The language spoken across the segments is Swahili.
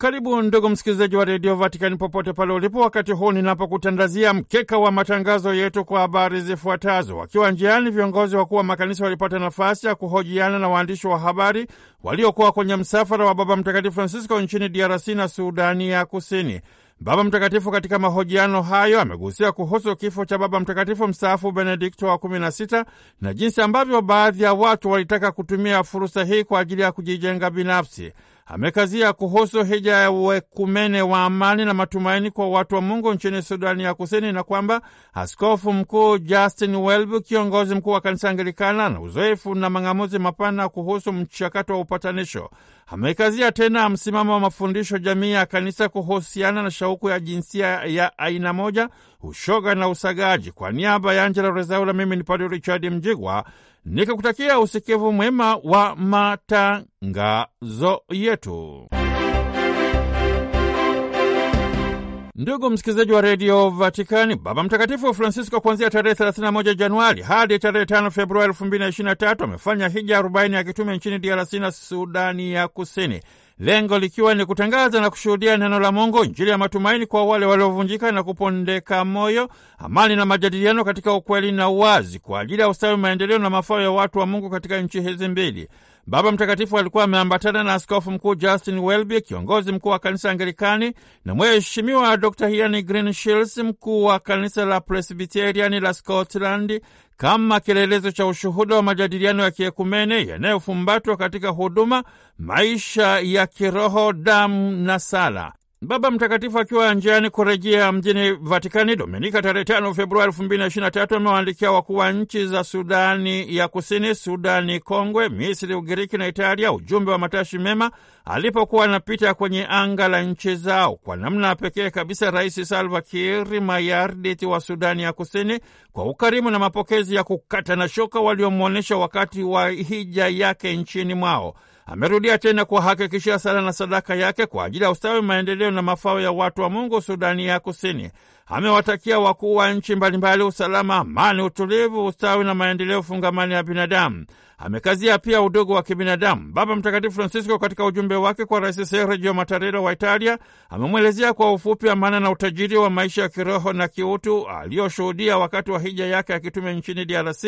Karibu ndugu msikilizaji wa redio Vatikani popote pale ulipo, wakati huu ninapokutandazia mkeka wa matangazo yetu kwa habari zifuatazo. Wakiwa njiani, viongozi wakuu wa makanisa walipata nafasi ya kuhojiana na waandishi wa habari waliokuwa kwenye msafara wa Baba Mtakatifu Francisco nchini DRC na Sudani ya Kusini. Baba Mtakatifu katika mahojiano hayo amegusia kuhusu kifo cha Baba Mtakatifu mstaafu Benedikto wa 16 na jinsi ambavyo baadhi ya watu walitaka kutumia fursa hii kwa ajili ya kujijenga binafsi amekazia kuhusu hija ya uekumene wa amani na matumaini kwa watu wa Mungu nchini Sudani ya Kusini, na kwamba Askofu Mkuu Justin Welby, kiongozi mkuu wa kanisa Anglikana, na uzoefu na mang'amuzi mapana kuhusu mchakato wa upatanisho. Amekazia tena msimamo wa mafundisho jamii ya kanisa kuhusiana na shauku ya jinsia ya aina moja, ushoga na usagaji. Kwa niaba ya Angela Rezaula, mimi ni Padre Richard Mjigwa nikikutakia usikivu mwema wa matangazo yetu. Ndugu msikilizaji wa redio Vatikani, Baba Mtakatifu Francisco kuanzia tarehe 31 Januari hadi tarehe 5 Februari 2023 amefanya hija 40 ya kitume nchini DRC na Sudani ya Kusini lengo likiwa ni kutangaza na kushuhudia neno la Mungu, Injili ya matumaini kwa wale waliovunjika na kupondeka moyo, amani na majadiliano katika ukweli na uwazi, kwa ajili ya ustawi, maendeleo na mafao ya watu wa Mungu katika nchi hizi mbili. Baba Mtakatifu alikuwa ameambatana na Askofu Mkuu Justin Welby, kiongozi mkuu wa kanisa Anglikani, na Mheshimiwa Dr Ian Greenshields, mkuu wa kanisa la Presbiteriani la Scotland, kama kielelezo cha ushuhuda wa majadiliano ya kiekumene yanayofumbatwa katika huduma, maisha ya kiroho, damu na sala. Baba Mtakatifu akiwa njiani kurejea mjini Vatikani Dominika tarehe tano Februari elfu mbili na ishirini na tatu amewaandikia wakuu wa nchi za Sudani ya Kusini, Sudani Kongwe, Misri, Ugiriki na Italia ujumbe wa matashi mema alipokuwa anapita kwenye anga la nchi zao. Kwa namna pekee kabisa, Rais Salva Kiir Mayardit wa Sudani ya Kusini, kwa ukarimu na mapokezi ya kukata na shoka waliomwonyesha wakati wa hija yake nchini mwao. Amerudia tena kuwahakikishia sala na sadaka yake kwa ajili ya ustawi, maendeleo na mafao ya watu wa Mungu Sudani ya Kusini amewatakia wakuu wa nchi mbalimbali usalama, amani, utulivu, ustawi na maendeleo fungamani ya binadamu. Amekazia pia udugu wa kibinadamu. Baba Mtakatifu Francisco katika ujumbe wake kwa Rais Sergio Mattarella wa Italia amemwelezea kwa ufupi amana na utajiri wa maisha ya kiroho na kiutu aliyoshuhudia wakati wa hija yake ya kitume nchini DRC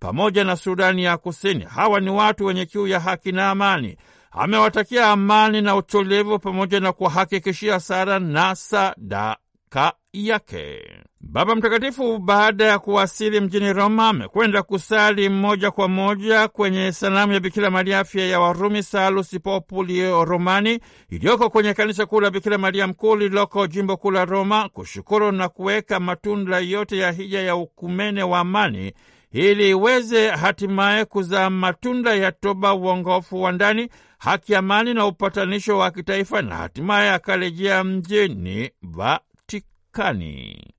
pamoja na Sudani ya Kusini. Hawa ni watu wenye kiu ya haki na amani. Amewatakia amani na utulivu pamoja na kuwahakikishia sara na sadaka mamlaka yake. Baba Mtakatifu baada ya kuwasili mjini Roma amekwenda kusali moja kwa moja kwenye sanamu ya Bikira Maria afya ya Warumi, Salus Populi Romani, iliyoko kwenye kanisa kuu la Bikira Maria Mkuu liloko jimbo kuu la Roma, kushukuru na kuweka matunda yote ya hija ya ukumene wa amani ili iweze hatimaye kuzaa matunda ya toba, uongofu wa ndani, haki, amani na upatanisho wa kitaifa, na hatimaye akarejea mjini ba Marekani.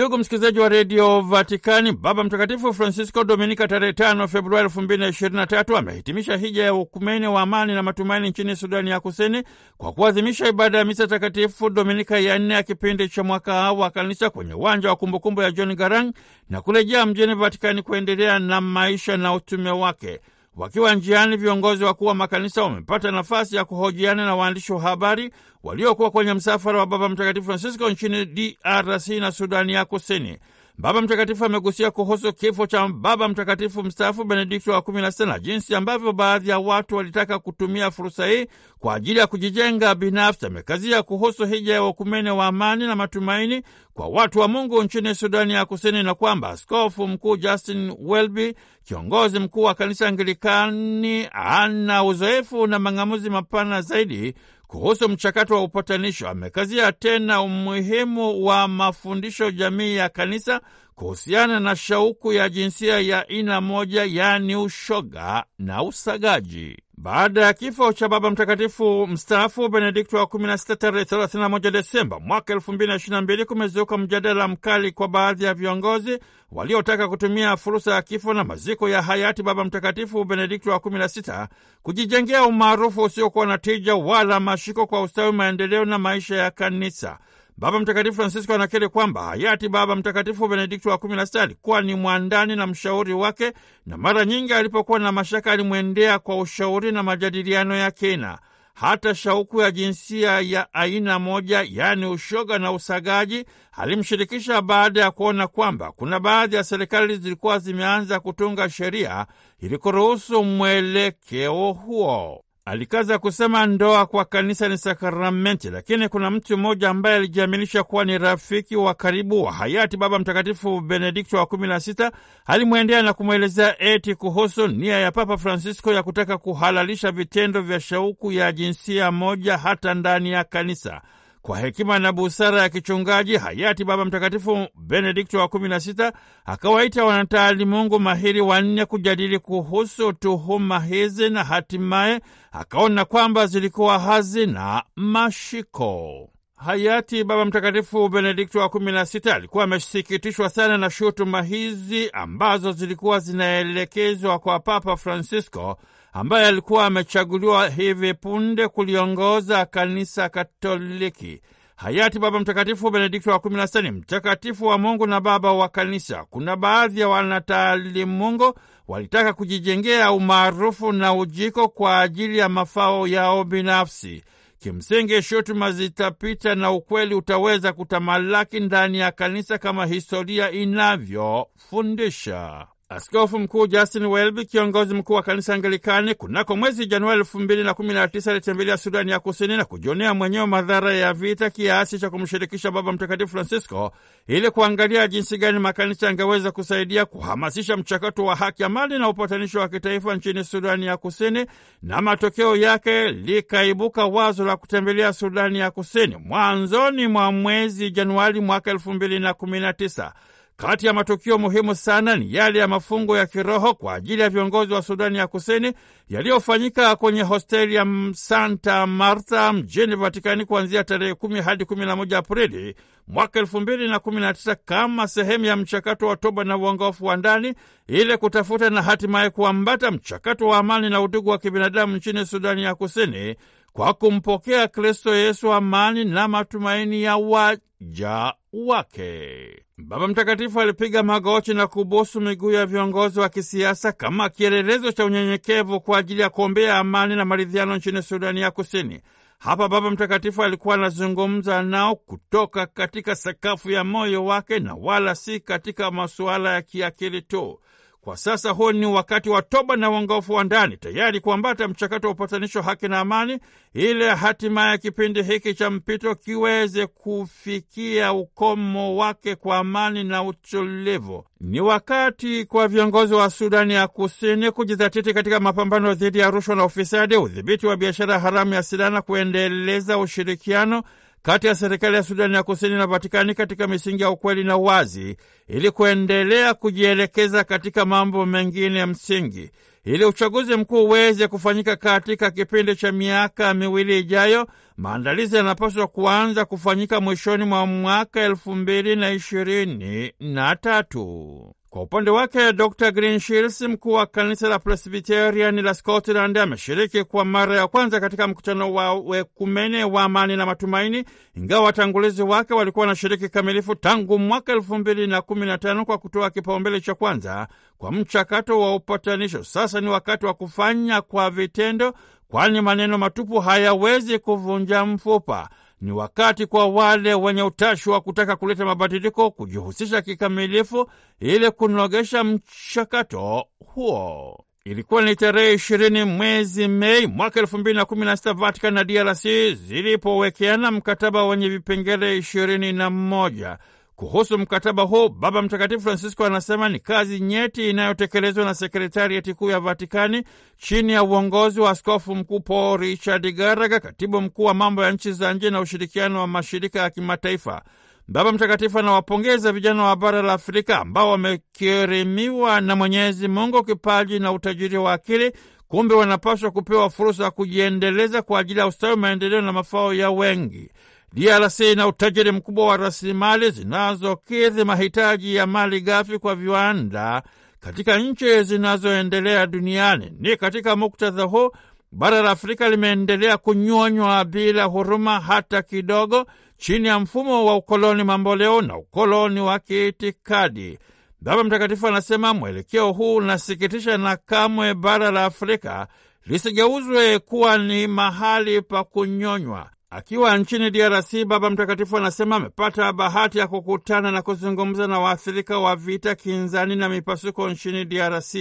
Ndugu msikilizaji wa redio Vatikani, Baba Mtakatifu Francisco Dominika tarehe 5 Februari 223 amehitimisha hija ya ukumeni wa amani na matumaini nchini Sudani ya Kusini kwa kuadhimisha ibada ya misa takatifu Dominika ya nne ya kipindi cha mwaka wa kanisa kwenye uwanja wa kumbukumbu ya John Garang na kurejea mjini Vatikani kuendelea na maisha na utume wake. Wakiwa njiani, viongozi wakuu wa makanisa wamepata nafasi ya kuhojiana na waandishi wa habari waliokuwa kwenye msafara wa Baba Mtakatifu Francisco nchini DRC na Sudani ya Kusini. Baba Mtakatifu amegusia kuhusu kifo cha Baba Mtakatifu mstaafu Benedikto wa kumi na sita na jinsi ambavyo baadhi ya watu walitaka kutumia fursa hii kwa ajili ya kujijenga binafsi. Amekazia kuhusu hija ya wakumene wa amani na matumaini kwa watu wa Mungu nchini Sudani ya Kusini, na kwamba askofu mkuu Justin Welby, kiongozi mkuu wa kanisa Anglikani, ana uzoefu na mang'amuzi mapana zaidi kuhusu mchakato wa upatanisho, amekazia tena umuhimu wa mafundisho jamii ya kanisa kuhusiana na shauku ya jinsia ya aina moja, yaani ushoga na usagaji. Baada ya kifo cha Baba Mtakatifu mstaafu Benedikto wa 16 tarehe 31 Desemba mwaka 2022, kumezuka mjadala mkali kwa baadhi ya viongozi waliotaka kutumia fursa ya kifo na maziko ya hayati Baba Mtakatifu Benedikto wa 16 kujijengea umaarufu usiokuwa na tija wala mashiko kwa ustawi, maendeleo na maisha ya Kanisa. Baba Mtakatifu Francisco anakiri kwamba hayati Baba Mtakatifu Benedikto wa kumi na sita alikuwa ni mwandani na mshauri wake, na mara nyingi alipokuwa na mashaka alimwendea kwa ushauri na majadiliano ya kina. Hata shauku ya jinsia ya aina moja, yaani ushoga na usagaji, alimshirikisha baada ya kuona kwamba kuna baadhi ya serikali zilikuwa zimeanza kutunga sheria ili kuruhusu mwelekeo huo. Alikaza kusema ndoa kwa kanisa ni sakramenti, lakini kuna mtu mmoja ambaye alijiaminisha kuwa ni rafiki wa karibu wa hayati Baba Mtakatifu Benedikto wa kumi na sita. Alimwendea na kumwelezea eti kuhusu nia ya Papa Francisco ya kutaka kuhalalisha vitendo vya shauku ya jinsia moja hata ndani ya kanisa. Kwa hekima na busara ya kichungaji, hayati Baba Mtakatifu Benedikto wa kumi na sita akawaita wanataalimungu mahiri wanne kujadili kuhusu tuhuma hizi, na hatimaye akaona kwamba zilikuwa hazina mashiko. Hayati Baba Mtakatifu Benedikto wa kumi na sita alikuwa amesikitishwa sana na shutuma hizi ambazo zilikuwa zinaelekezwa kwa Papa Francisco ambaye alikuwa amechaguliwa hivi punde kuliongoza kanisa Katoliki. Hayati Baba Mtakatifu Benedikto wa kumi na sita ni mtakatifu wa Mungu na baba wa kanisa. Kuna baadhi ya wanataalimu Mungu walitaka kujijengea umaarufu na ujiko kwa ajili ya mafao yao binafsi. Kimsingi, shutuma zitapita na ukweli utaweza kutamalaki ndani ya kanisa kama historia inavyofundisha. Askofu Mkuu Justin Welby, kiongozi mkuu wa kanisa Anglikani, kunako mwezi Januari elfu mbili na kumi na tisa alitembelea Sudani ya Kusini na kujionea mwenyewe madhara ya vita kiasi cha kumshirikisha Baba Mtakatifu Francisco ili kuangalia jinsi gani makanisa yangeweza kusaidia kuhamasisha mchakato wa haki, amani na upatanisho wa kitaifa nchini Sudani ya Kusini, na matokeo yake likaibuka wazo la kutembelea Sudani ya Kusini mwanzoni mwa mwezi Januari mwaka elfu mbili na kumi na tisa. Kati ya matukio muhimu sana ni yale ya mafungo ya kiroho kwa ajili ya viongozi wa Sudani ya Kusini yaliyofanyika kwenye hosteli ya Santa Martha mjini Vatikani kuanzia tarehe kumi hadi kumi na moja Aprili mwaka elfu mbili na kumi na tisa kama sehemu ya mchakato wa toba na uongofu wa ndani ili kutafuta na hatimaye kuambata mchakato wa amani na udugu wa kibinadamu nchini Sudani ya Kusini kwa kumpokea Kristo Yesu, amani na matumaini ya waja wake. Baba Mtakatifu alipiga magoti na kubusu miguu ya viongozi wa kisiasa kama kielelezo cha unyenyekevu kwa ajili ya kuombea amani na maridhiano nchini Sudani ya Kusini. Hapa Baba Mtakatifu alikuwa anazungumza nao kutoka katika sakafu ya moyo wake na wala si katika masuala ya kiakili tu. Kwa sasa huu ni wakati wa toba na uongofu wa ndani, tayari kuambata mchakato wa upatanisho, haki na amani, ili ya kipindi hiki cha mpito kiweze kufikia ukomo wake kwa amani na utulivu. Ni wakati kwa viongozi wa Sudani ya Kusini kujidhatiti katika mapambano dhidi ya rushwa na ufisadi, udhibiti wa biashara haramu ya silaha na kuendeleza ushirikiano kati ya serikali ya Sudani ya Kusini inapatikani katika misingi ya ukweli na wazi, ili kuendelea kujielekeza katika mambo mengine ya msingi, ili uchaguzi mkuu uweze kufanyika katika kipindi cha miaka miwili ijayo. Maandalizi yanapaswa kuanza kufanyika mwishoni mwa mwaka elfu mbili na ishirini na tatu. Kwa upande wake Dr Greenshields, mkuu wa kanisa la Presbiterian la Scotland, ameshiriki kwa mara ya kwanza katika mkutano wa wekumene wa amani na matumaini, ingawa watangulizi wake walikuwa wanashiriki kamilifu tangu mwaka elfu mbili na kumi na tano kwa kutoa kipaumbele cha kwanza kwa mchakato wa upatanisho. Sasa ni wakati wa kufanya kwa vitendo, kwani maneno matupu hayawezi kuvunja mfupa. Ni wakati kwa wale wenye utashi wa kutaka kuleta mabadiliko kujihusisha kikamilifu ili kunogesha mchakato huo. Ilikuwa ni tarehe ishirini mwezi Mei mwaka elfu mbili na kumi na sita Vatikani na DRC zilipowekeana mkataba wenye vipengele ishirini na moja. Kuhusu mkataba huu, Baba Mtakatifu Francisco anasema ni kazi nyeti inayotekelezwa na sekretarieti kuu ya Vatikani chini ya uongozi wa Askofu Mkuu Paul Richard Garaga, katibu mkuu wa mambo ya nchi za nje na ushirikiano wa mashirika ya kimataifa. Baba Mtakatifu anawapongeza vijana wa bara la Afrika ambao wamekirimiwa na Mwenyezi Mungu kipaji na utajiri wa akili, kumbe wanapaswa kupewa fursa ya kujiendeleza kwa ajili ya ustawi, maendeleo na mafao ya wengi. DRC ina utajiri mkubwa wa rasilimali zinazokidhi mahitaji ya mali ghafi kwa viwanda katika nchi zinazoendelea duniani. Ni katika muktadha huu bara la Afrika limeendelea kunyonywa bila huruma hata kidogo, chini ya mfumo wa ukoloni mamboleo na ukoloni wa kiitikadi. Baba Mtakatifu anasema mwelekeo huu unasikitisha, na kamwe bara la Afrika lisigeuzwe kuwa ni mahali pa kunyonywa. Akiwa nchini DRC, Baba Mtakatifu anasema amepata bahati ya kukutana na kuzungumza na waathirika wa vita kinzani na mipasuko nchini DRC.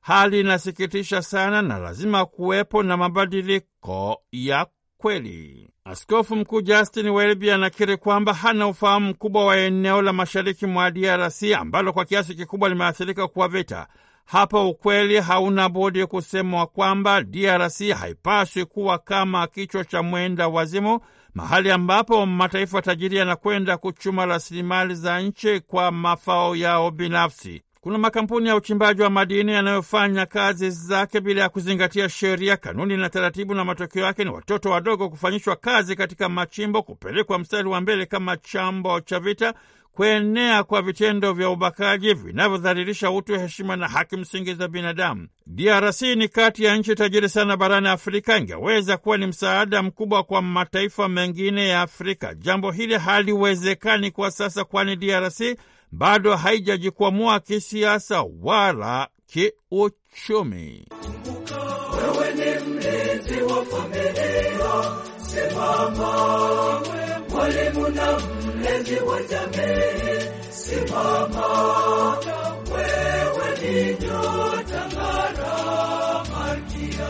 Hali inasikitisha sana na lazima kuwepo na mabadiliko ya kweli. Askofu Mkuu Justin Welby anakiri kwamba hana ufahamu mkubwa wa eneo la mashariki mwa DRC ambalo kwa kiasi kikubwa limeathirika kwa vita. Hapo ukweli hauna budi kusemwa kwamba DRC haipaswi kuwa kama kichwa cha mwenda wazimu, mahali ambapo mataifa tajiri yanakwenda kuchuma rasilimali za nchi kwa mafao yao binafsi. Kuna makampuni ya uchimbaji wa madini yanayofanya kazi zake bila ya kuzingatia sheria, kanuni na taratibu, na matokeo yake ni watoto wadogo kufanyishwa kazi katika machimbo, kupelekwa mstari wa mbele kama chambo cha vita, kuenea kwa vitendo vya ubakaji vinavyodhalilisha utu, heshima na haki msingi za binadamu. DRC ni kati ya nchi tajiri sana barani Afrika, ingeweza kuwa ni msaada mkubwa kwa mataifa mengine ya Afrika. Jambo hili haliwezekani kwa sasa, kwani DRC bado haijajikwamua kisiasa wala kiuchumi. mwalimu na mlezi wa jamii, simama wewe ni nyota ng'ara, Malkia.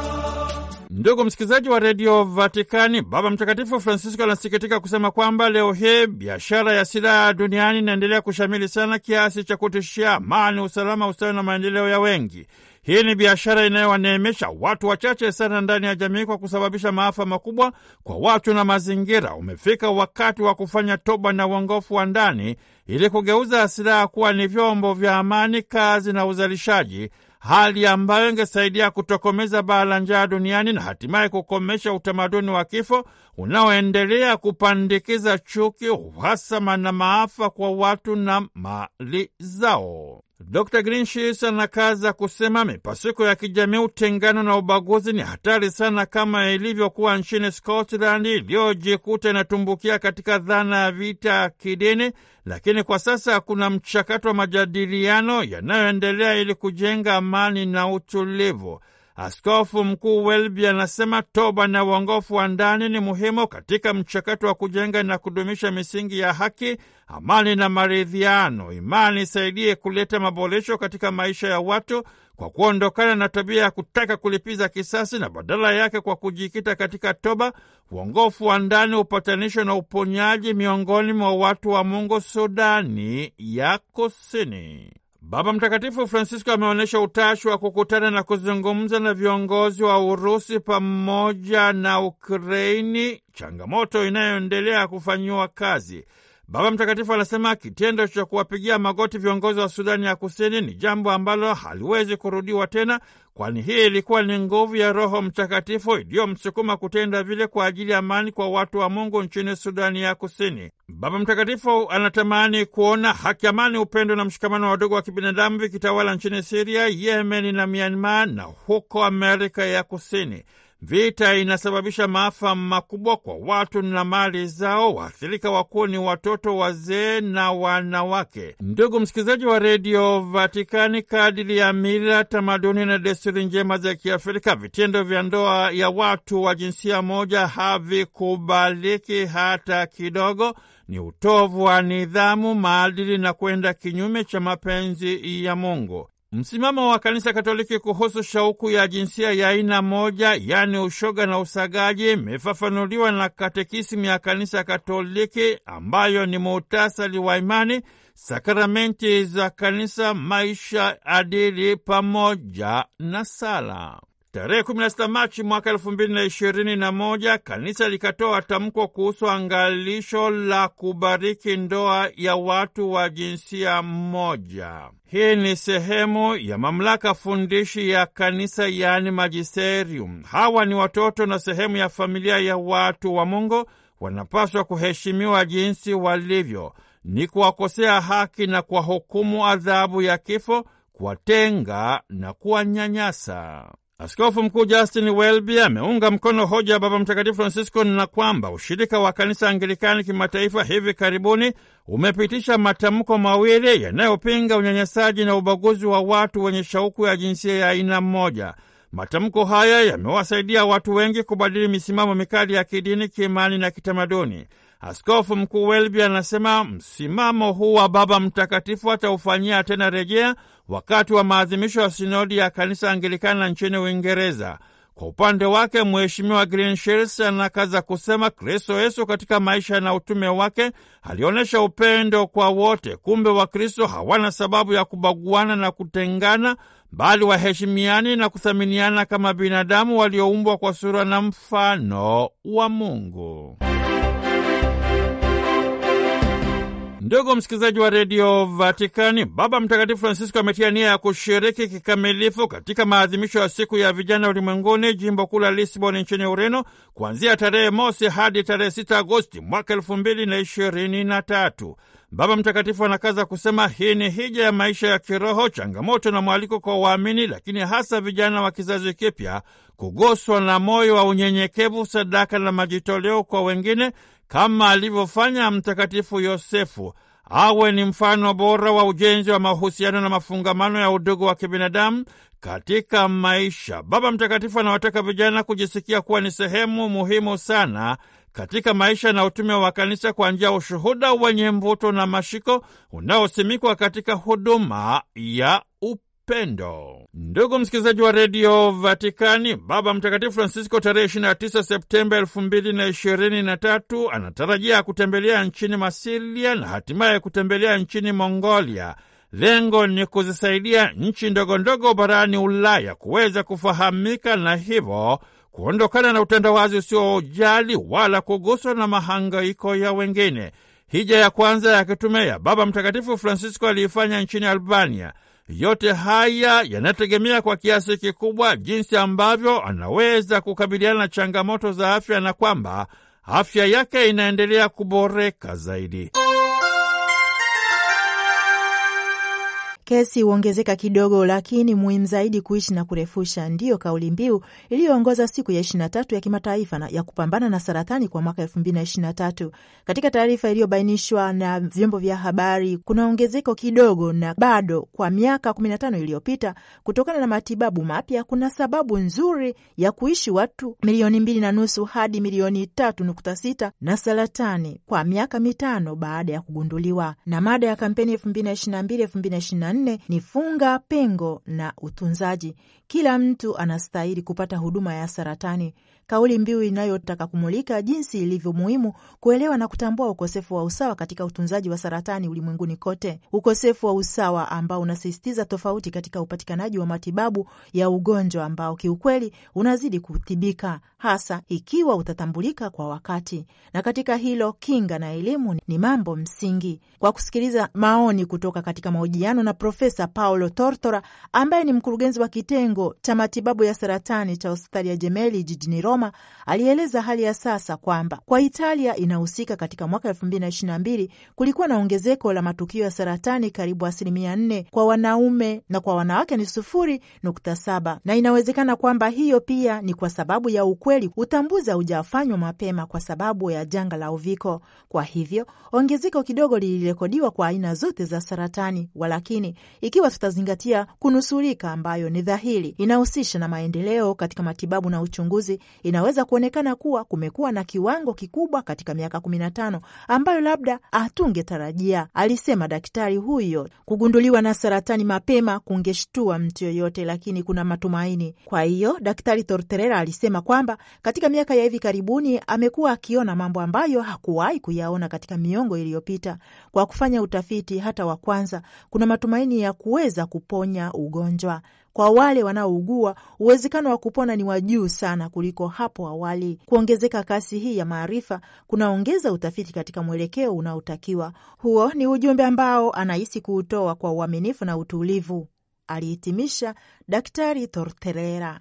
Ndugu msikilizaji wa redio Vatikani, Baba Mtakatifu Francisco anasikitika kusema kwamba leo hii biashara ya silaha duniani inaendelea kushamili sana kiasi cha kutishia amani, usalama, ustawi na maendeleo ya wengi. Hii ni biashara inayowaneemesha watu wachache sana ndani ya jamii kwa kusababisha maafa makubwa kwa watu na mazingira. Umefika wakati wa kufanya toba na uongofu wa ndani ili kugeuza silaha kuwa ni vyombo vya amani, kazi na uzalishaji, hali ambayo ingesaidia kutokomeza baa la njaa duniani na hatimaye kukomesha utamaduni wa kifo unaoendelea kupandikiza chuki, uhasama na maafa kwa watu na mali zao. Dr grinshis anakaza kusema mipasuko ya kijamii, utengano na ubaguzi ni hatari sana, kama ilivyokuwa nchini Scotland iliyojikuta inatumbukia katika dhana ya vita kidini, lakini kwa sasa kuna mchakato wa majadiliano yanayoendelea ili kujenga amani na utulivu. Askofu Mkuu Welby anasema toba na uongofu wa ndani ni muhimu katika mchakato wa kujenga na kudumisha misingi ya haki, amani na maridhiano. Imani isaidie kuleta maboresho katika maisha ya watu kwa kuondokana na tabia ya kutaka kulipiza kisasi na badala yake kwa kujikita katika toba, uongofu wa ndani, upatanisho na uponyaji miongoni mwa watu wa Mungu Sudani ya Kusini. Baba Mtakatifu Francisco ameonyesha utashi wa kukutana na kuzungumza na viongozi wa Urusi pamoja na Ukraini, changamoto inayoendelea kufanyiwa kazi. Baba Mtakatifu anasema kitendo cha kuwapigia magoti viongozi wa Sudani ya Kusini ni jambo ambalo haliwezi kurudiwa tena, kwani hii ilikuwa ni nguvu ya Roho Mtakatifu iliyomsukuma kutenda vile kwa ajili ya amani kwa watu wa Mungu nchini Sudani ya Kusini. Baba Mtakatifu anatamani kuona haki, amani, upendo na mshikamano wa udugu wa kibinadamu vikitawala nchini Siria, Yemeni na Myanmar na huko Amerika ya Kusini. Vita inasababisha maafa makubwa kwa watu na mali zao. Waathirika wakuu ni watoto, wazee na wanawake. Ndugu msikilizaji wa redio Vatikani, kadiri ya mila, tamaduni na desturi njema za Kiafrika, vitendo vya ndoa ya watu wa jinsia moja havikubaliki hata kidogo. Ni utovu wa nidhamu, maadili na kwenda kinyume cha mapenzi ya Mungu. Msimamo wa Kanisa Katoliki kuhusu shauku ya jinsia ya aina moja, yaani ushoga na usagaji, imefafanuliwa na Katekisimu ya Kanisa Katoliki ambayo ni muhtasari wa imani, sakramenti za Kanisa, maisha adili pamoja na sala. Tarehe 16 Machi mwaka elfu mbili na ishirini na moja kanisa likatoa tamko kuhusu angalisho la kubariki ndoa ya watu wa jinsia mmoja Hii ni sehemu ya mamlaka fundishi ya kanisa, yaani magisterium. Hawa ni watoto na sehemu ya familia ya watu wa Mungu, wanapaswa kuheshimiwa jinsi walivyo. Ni kuwakosea haki na kuwahukumu adhabu ya kifo, kuwatenga na kuwanyanyasa. Askofu Mkuu Justin Welby ameunga mkono hoja ya Baba Mtakatifu Francisco na kwamba ushirika wa kanisa Anglikani kimataifa hivi karibuni umepitisha matamko mawili yanayopinga unyanyasaji na ubaguzi wa watu wenye shauku ya jinsia ya aina moja. Matamko haya yamewasaidia watu wengi kubadili misimamo mikali ya kidini, kiimani na kitamaduni. Askofu Mkuu Welby anasema msimamo huu wa Baba Mtakatifu ataufanyia tena rejea wakati wa maadhimisho ya sinodi ya kanisa Anglikana nchini Uingereza. Kwa upande wake Mheshimiwa Greenshills anakaza kusema Kristo Yesu katika maisha na utume wake alionyesha upendo kwa wote. Kumbe Wakristo hawana sababu ya kubaguana na kutengana, bali waheshimiani na kuthaminiana kama binadamu walioumbwa kwa sura na mfano wa Mungu. Ndugu msikilizaji wa redio Vatikani, Baba Mtakatifu Francisco ametia nia ya kushiriki kikamilifu katika maadhimisho ya siku ya vijana ulimwenguni, jimbo kuu la Lisbon nchini Ureno, kuanzia tarehe mosi hadi tarehe 6 Agosti mwaka elfu mbili na ishirini na tatu. Baba Mtakatifu anakaza kusema hii ni hija ya maisha ya kiroho, changamoto na mwaliko kwa waamini, lakini hasa vijana wa kizazi kipya kuguswa na moyo wa unyenyekevu, sadaka na majitoleo kwa wengine kama alivyofanya Mtakatifu Yosefu, awe ni mfano bora wa ujenzi wa mahusiano na mafungamano ya udugu wa kibinadamu katika maisha. Baba Mtakatifu anawataka vijana kujisikia kuwa ni sehemu muhimu sana katika maisha na utume wa kanisa kwa njia ya ushuhuda wenye mvuto na mashiko unaosimikwa katika huduma ya upa pendo. Ndugu msikilizaji wa redio Vatikani, Baba Mtakatifu Francisco tarehe 29 Septemba 2023 anatarajia kutembelea nchini Masilia na hatimaye kutembelea nchini Mongolia. Lengo ni kuzisaidia nchi ndogo ndogo barani Ulaya kuweza kufahamika na hivyo kuondokana na utandawazi usiojali wala kuguswa na mahangaiko ya wengine. Hija ya kwanza ya kitume ya Baba Mtakatifu Francisco aliifanya nchini Albania. Yote haya yanategemea kwa kiasi kikubwa jinsi ambavyo anaweza kukabiliana na changamoto za afya na kwamba afya yake inaendelea kuboreka zaidi. kesi huongezeka kidogo, lakini muhimu zaidi kuishi na kurefusha, ndiyo kauli mbiu iliyoongoza siku ya 23 ya kimataifa ya kupambana na saratani kwa mwaka tatu. Katika taarifa iliyobainishwa na vyombo vya habari, kuna ongezeko kidogo na bado kwa miaka 15 iliyopita, kutokana na matibabu mapya, kuna sababu nzuri ya kuishi watu milioni mbili na nusu hadi milioni tatu nukta sita na saratani kwa miaka mitano baada ya kugunduliwa. Na mada ya kampeni 2022 nne ni funga, pengo na utunzaji. Kila mtu anastahili kupata huduma ya saratani kauli mbiu inayotaka kumulika jinsi ilivyo muhimu kuelewa na kutambua ukosefu wa usawa katika utunzaji wa saratani ulimwenguni kote, ukosefu wa usawa ambao unasisitiza tofauti katika upatikanaji wa matibabu ya ugonjwa ambao kiukweli unazidi kutibika, hasa ikiwa utatambulika kwa wakati. Na katika hilo, kinga na elimu ni mambo msingi. Kwa kusikiliza maoni kutoka katika mahojiano na Profesa Paolo Tortora ambaye ni mkurugenzi wa kitengo cha matibabu ya saratani cha hospitali ya Jemeli jijini Roma Roma alieleza hali ya sasa kwamba kwa Italia inahusika katika mwaka elfu mbili na ishirini na mbili kulikuwa na ongezeko la matukio ya saratani karibu asilimia nne kwa wanaume na kwa wanawake ni sufuri nukta saba na inawezekana kwamba hiyo pia ni kwa sababu ya ukweli utambuzi haujafanywa mapema kwa sababu ya janga la uviko. Kwa hivyo ongezeko kidogo lilirekodiwa kwa aina zote za saratani, walakini ikiwa tutazingatia kunusurika ambayo ni dhahiri inahusisha na maendeleo katika matibabu na uchunguzi, inaweza kuonekana kuwa kumekuwa na kiwango kikubwa katika miaka kumi na tano ambayo labda hatungetarajia, alisema daktari huyo. Kugunduliwa na saratani mapema kungeshtua mtu yoyote, lakini kuna matumaini. Kwa hiyo Daktari Torterera alisema kwamba katika miaka ya hivi karibuni amekuwa akiona mambo ambayo hakuwahi kuyaona katika miongo iliyopita. Kwa kufanya utafiti hata wa kwanza, kuna matumaini ya kuweza kuponya ugonjwa. Kwa wale wanaougua, uwezekano wa kupona ni wa juu sana kuliko hapo awali. Kuongezeka kasi hii ya maarifa kunaongeza utafiti katika mwelekeo unaotakiwa. Huo ni ujumbe ambao anahisi kuutoa kwa uaminifu na utulivu, alihitimisha Daktari Torterera.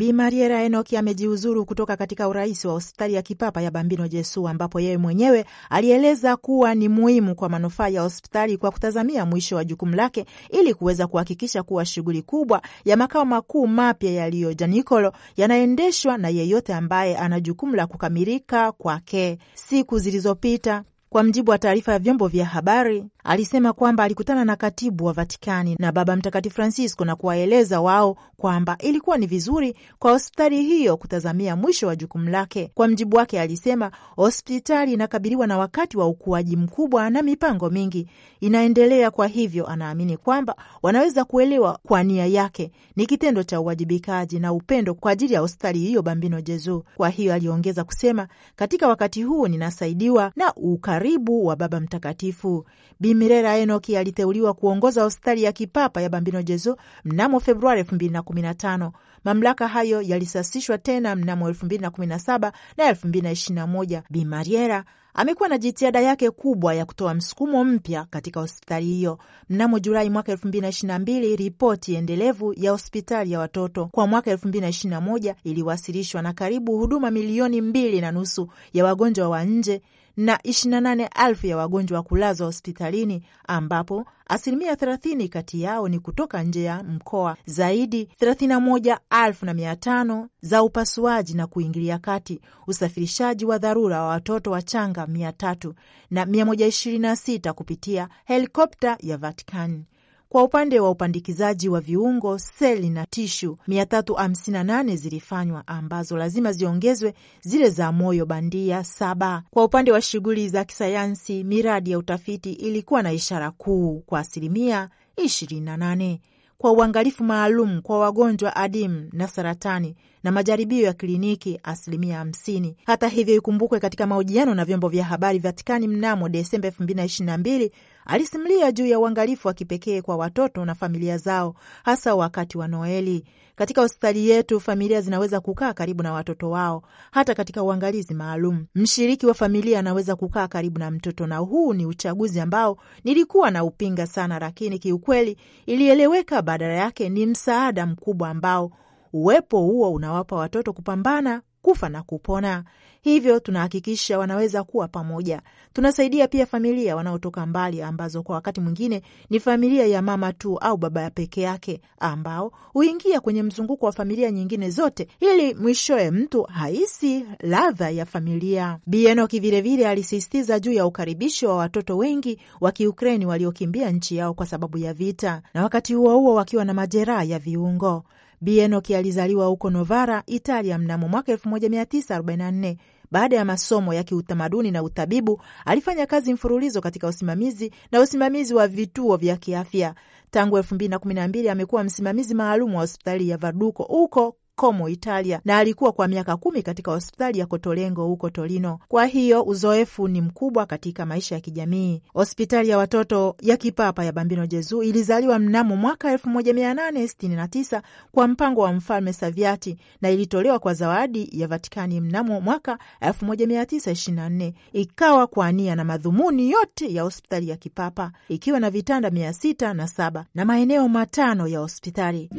Bi Mariera Enoki amejiuzuru kutoka katika urais wa hospitali ya kipapa ya Bambino Jesu, ambapo yeye mwenyewe alieleza kuwa ni muhimu kwa manufaa ya hospitali kwa kutazamia mwisho wa jukumu lake ili kuweza kuhakikisha kuwa shughuli kubwa ya makao makuu mapya yaliyo Janikolo yanaendeshwa na yeyote ambaye ana jukumu la kukamilika kwake. Siku zilizopita kwa mjibu wa taarifa ya vyombo vya habari Alisema kwamba alikutana na katibu wa Vatikani na Baba Mtakatifu Francisco na kuwaeleza wao kwamba ilikuwa ni vizuri kwa hospitali hiyo kutazamia mwisho wa jukumu lake. Kwa mjibu wake, alisema hospitali inakabiliwa na wakati wa ukuaji mkubwa na mipango mingi inaendelea. Kwa hivyo anaamini kwamba wanaweza kuelewa kwa nia yake ni kitendo cha uwajibikaji na upendo kwa ajili ya hospitali hiyo Bambino Jezu. Kwa hiyo aliongeza kusema, katika wakati huu ninasaidiwa na ukaribu wa Baba Mtakatifu. Bi Enoki aliteuliwa kuongoza hospitali ya kipapa ya Bambino Jezu mnamo Februari 2015. Mamlaka hayo yalisasishwa tena mnamo 2017 na 2021. Bi Mariera amekuwa na jitihada yake kubwa ya kutoa msukumo mpya katika hospitali hiyo. Mnamo Julai mwaka 2022, ripoti endelevu ya hospitali ya watoto kwa mwaka 2021 iliwasilishwa na karibu huduma milioni mbili na nusu ya wagonjwa wa nje na ishirini ya wagonjwa wa kulazwa hospitalini ambapo asilimia 30 kati yao ni kutoka nje ya mkoa, zaidi 31,500 za upasuaji na kuingilia kati, usafirishaji wa dharura wa watoto wachanga 300 na 126 kupitia helikopta ya Vatikani. Kwa upande wa upandikizaji wa viungo, seli na tishu 358 zilifanywa ambazo lazima ziongezwe zile za moyo bandia saba. Kwa upande wa shughuli za kisayansi, miradi ya utafiti ilikuwa na ishara kuu kwa asilimia 28 kwa uangalifu maalum kwa wagonjwa adimu na saratani na majaribio ya kliniki asilimia hamsini. Hata hivyo, ikumbukwe katika mahojiano na vyombo vya habari Vatikani mnamo Desemba elfu mbili na ishirini na mbili Alisimulia juu ya uangalifu wa kipekee kwa watoto na familia zao, hasa wakati wa Noeli. Katika hospitali yetu, familia zinaweza kukaa karibu na watoto wao, hata katika uangalizi maalum. Mshiriki wa familia anaweza kukaa karibu na mtoto, na huu ni uchaguzi ambao nilikuwa na upinga sana, lakini kiukweli ilieleweka. Badala yake ni msaada mkubwa ambao uwepo huo unawapa watoto kupambana, kufa na kupona hivyo tunahakikisha wanaweza kuwa pamoja. Tunasaidia pia familia wanaotoka mbali, ambazo kwa wakati mwingine ni familia ya mama tu au baba ya peke yake, ambao huingia kwenye mzunguko wa familia nyingine zote, ili mwishowe mtu haisi ladha ya familia. Bienoki vilevile alisisitiza juu ya ukaribisho wa watoto wengi wa Kiukreni waliokimbia nchi yao kwa sababu ya vita, na wakati huo huo wakiwa na majeraha ya viungo. Bienoki alizaliwa huko Novara, Italia mnamo mwaka 1944. Baada ya masomo ya kiutamaduni na utabibu, alifanya kazi mfululizo katika usimamizi na usimamizi wa vituo vya kiafya. Tangu 2012 amekuwa msimamizi maalum wa hospitali ya Varduko huko Como, Italia, na alikuwa kwa miaka kumi katika hospitali ya Kotolengo huko Torino. Kwa hiyo uzoefu ni mkubwa katika maisha ya kijamii. Hospitali ya watoto ya kipapa ya Bambino Jezu ilizaliwa mnamo mwaka 1869 kwa mpango wa mfalme Saviati na ilitolewa kwa zawadi ya Vatikani mnamo mwaka 1924 ikawa kwa nia na madhumuni yote ya hospitali ya kipapa ikiwa na vitanda mia sita na saba na maeneo matano ya hospitali.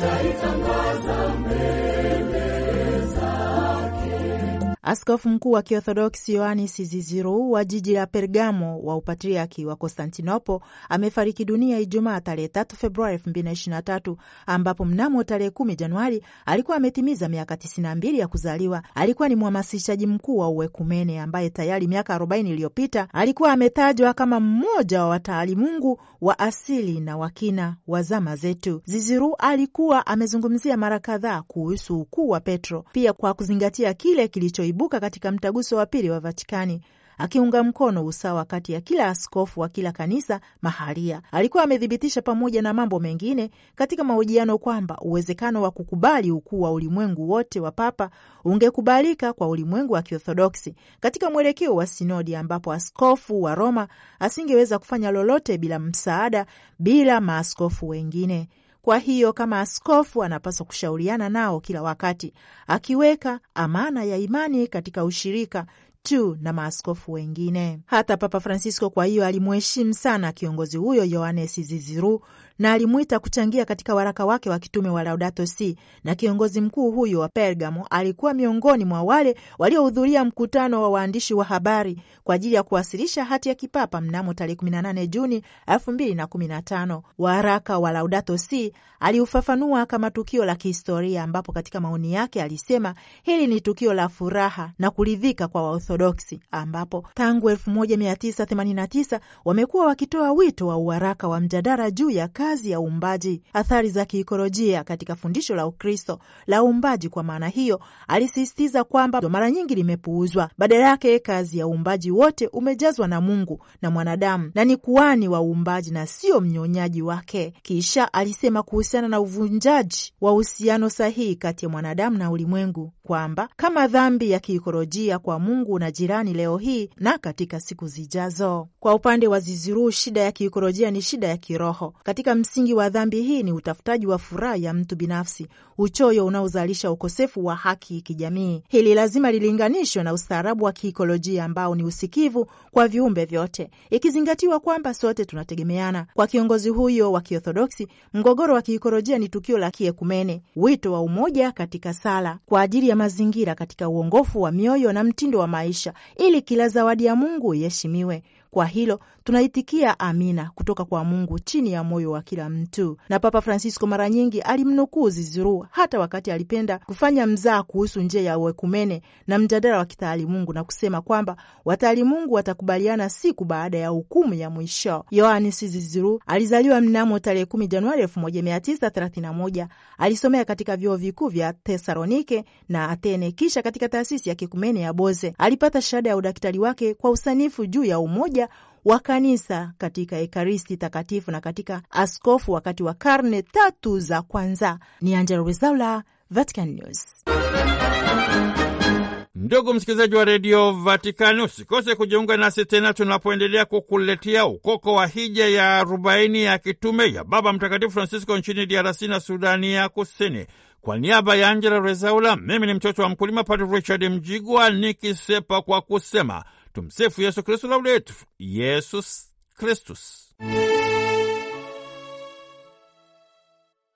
Taitangaza Askofu mkuu wa Kiorthodoksi yohanis Siziziru wa jiji la Pergamo wa upatriaki wa Konstantinopo amefariki dunia Ijumaa tarehe 3 Februari 2023, ambapo mnamo tarehe 10 Januari alikuwa ametimiza miaka 92 ya kuzaliwa. Alikuwa ni mhamasishaji mkuu wa uwekumene ambaye tayari miaka 40 iliyopita alikuwa ametajwa kama mmoja wa wataalimungu wa asili na wakina wa zama zetu. Ziziru alikuwa amezungumzia mara kadhaa kuhusu ukuu wa Petro, pia kwa kuzingatia kile kilicho aliibuka katika mtaguso wa pili wa Vatikani akiunga mkono usawa kati ya kila askofu wa kila kanisa mahalia. Alikuwa amethibitisha pamoja na mambo mengine katika mahojiano kwamba uwezekano wa kukubali ukuu wa ulimwengu wote wa papa ungekubalika kwa ulimwengu wa Kiorthodoksi katika mwelekeo wa sinodi, ambapo askofu wa Roma asingeweza kufanya lolote bila msaada, bila maaskofu wengine. Kwa hiyo kama askofu anapaswa kushauriana nao kila wakati, akiweka amana ya imani katika ushirika tu na maaskofu wengine. Hata Papa Francisco kwa hiyo alimuheshimu sana kiongozi huyo Yohanes Ziziru na alimwita kuchangia katika waraka wake wa kitume wa Laudato Si, na kiongozi mkuu huyo wa Pergamo alikuwa miongoni mwa wale waliohudhuria mkutano wa waandishi wa habari kwa ajili ya kuwasilisha hati ya kipapa mnamo tarehe 18 Juni 2015. Waraka wa Laudato Si aliufafanua kama tukio la kihistoria, ambapo katika maoni yake alisema hili ni tukio la furaha na kuridhika kwa Waorthodoksi, ambapo tangu 1989 wamekuwa wakitoa wito wa uwaraka wa mjadala juu ya kazi ya uumbaji, athari za kiikolojia katika fundisho la Ukristo la uumbaji. Kwa maana hiyo, alisisitiza kwamba mara nyingi limepuuzwa. Badala yake, kazi ya uumbaji wote umejazwa na Mungu na mwanadamu na ni kuani wa uumbaji na sio mnyonyaji wake. Kisha alisema kuhusiana na uvunjaji wa uhusiano sahihi kati ya mwanadamu na ulimwengu kwamba kama dhambi ya kiikolojia kwa Mungu na jirani leo hii na katika siku zijazo. Kwa upande wa Zizuru, shida ya kiikolojia ni shida ya kiroho katika msingi wa dhambi hii ni utafutaji wa furaha ya mtu binafsi, uchoyo unaozalisha ukosefu wa haki kijamii. Hili lazima lilinganishwe na ustaarabu wa kiikolojia ambao ni usikivu kwa viumbe vyote, ikizingatiwa kwamba sote tunategemeana. Kwa kiongozi huyo wa Kiorthodoksi, mgogoro wa kiikolojia ni tukio la kiekumene, wito wa umoja katika sala kwa ajili ya mazingira, katika uongofu wa mioyo na mtindo wa maisha, ili kila zawadi ya Mungu iheshimiwe. Kwa hilo tunaitikia amina kutoka kwa Mungu chini ya moyo wa kila mtu. Na Papa Francisco mara nyingi alimnukuu Zizuru hata wakati alipenda kufanya mzaa kuhusu njia ya uekumene na mjadala wa kitaalimungu na kusema kwamba wataalimungu watakubaliana siku baada ya hukumu ya mwisho. Yohanis Zizuru alizaliwa mnamo tarehe 10 Januari 1931. Alisomea katika vyuo vikuu vya Thesalonike na Atene, kisha katika taasisi ya kikumene ya Boze. Alipata shahada ya udaktari wake kwa usanifu juu ya umoja umoja wa kanisa katika Ekaristi Takatifu na katika askofu wakati wa karne tatu za kwanza. Ni Angela Rezaula, Vatican News. Ndugu msikilizaji wa redio Vatikani, usikose kujiunga nasi tena tunapoendelea kukuletea ukoko wa hija ya arobaini ya kitume ya Baba Mtakatifu Francisco nchini DRC na Sudani ya Kusini. Kwa niaba ya Angela Rezaula, mimi ni mtoto wa mkulima Padre Richard Mjigwa nikisepa kwa kusema Tumsifu Yesu Kristu, lauletu Yesus Kristus.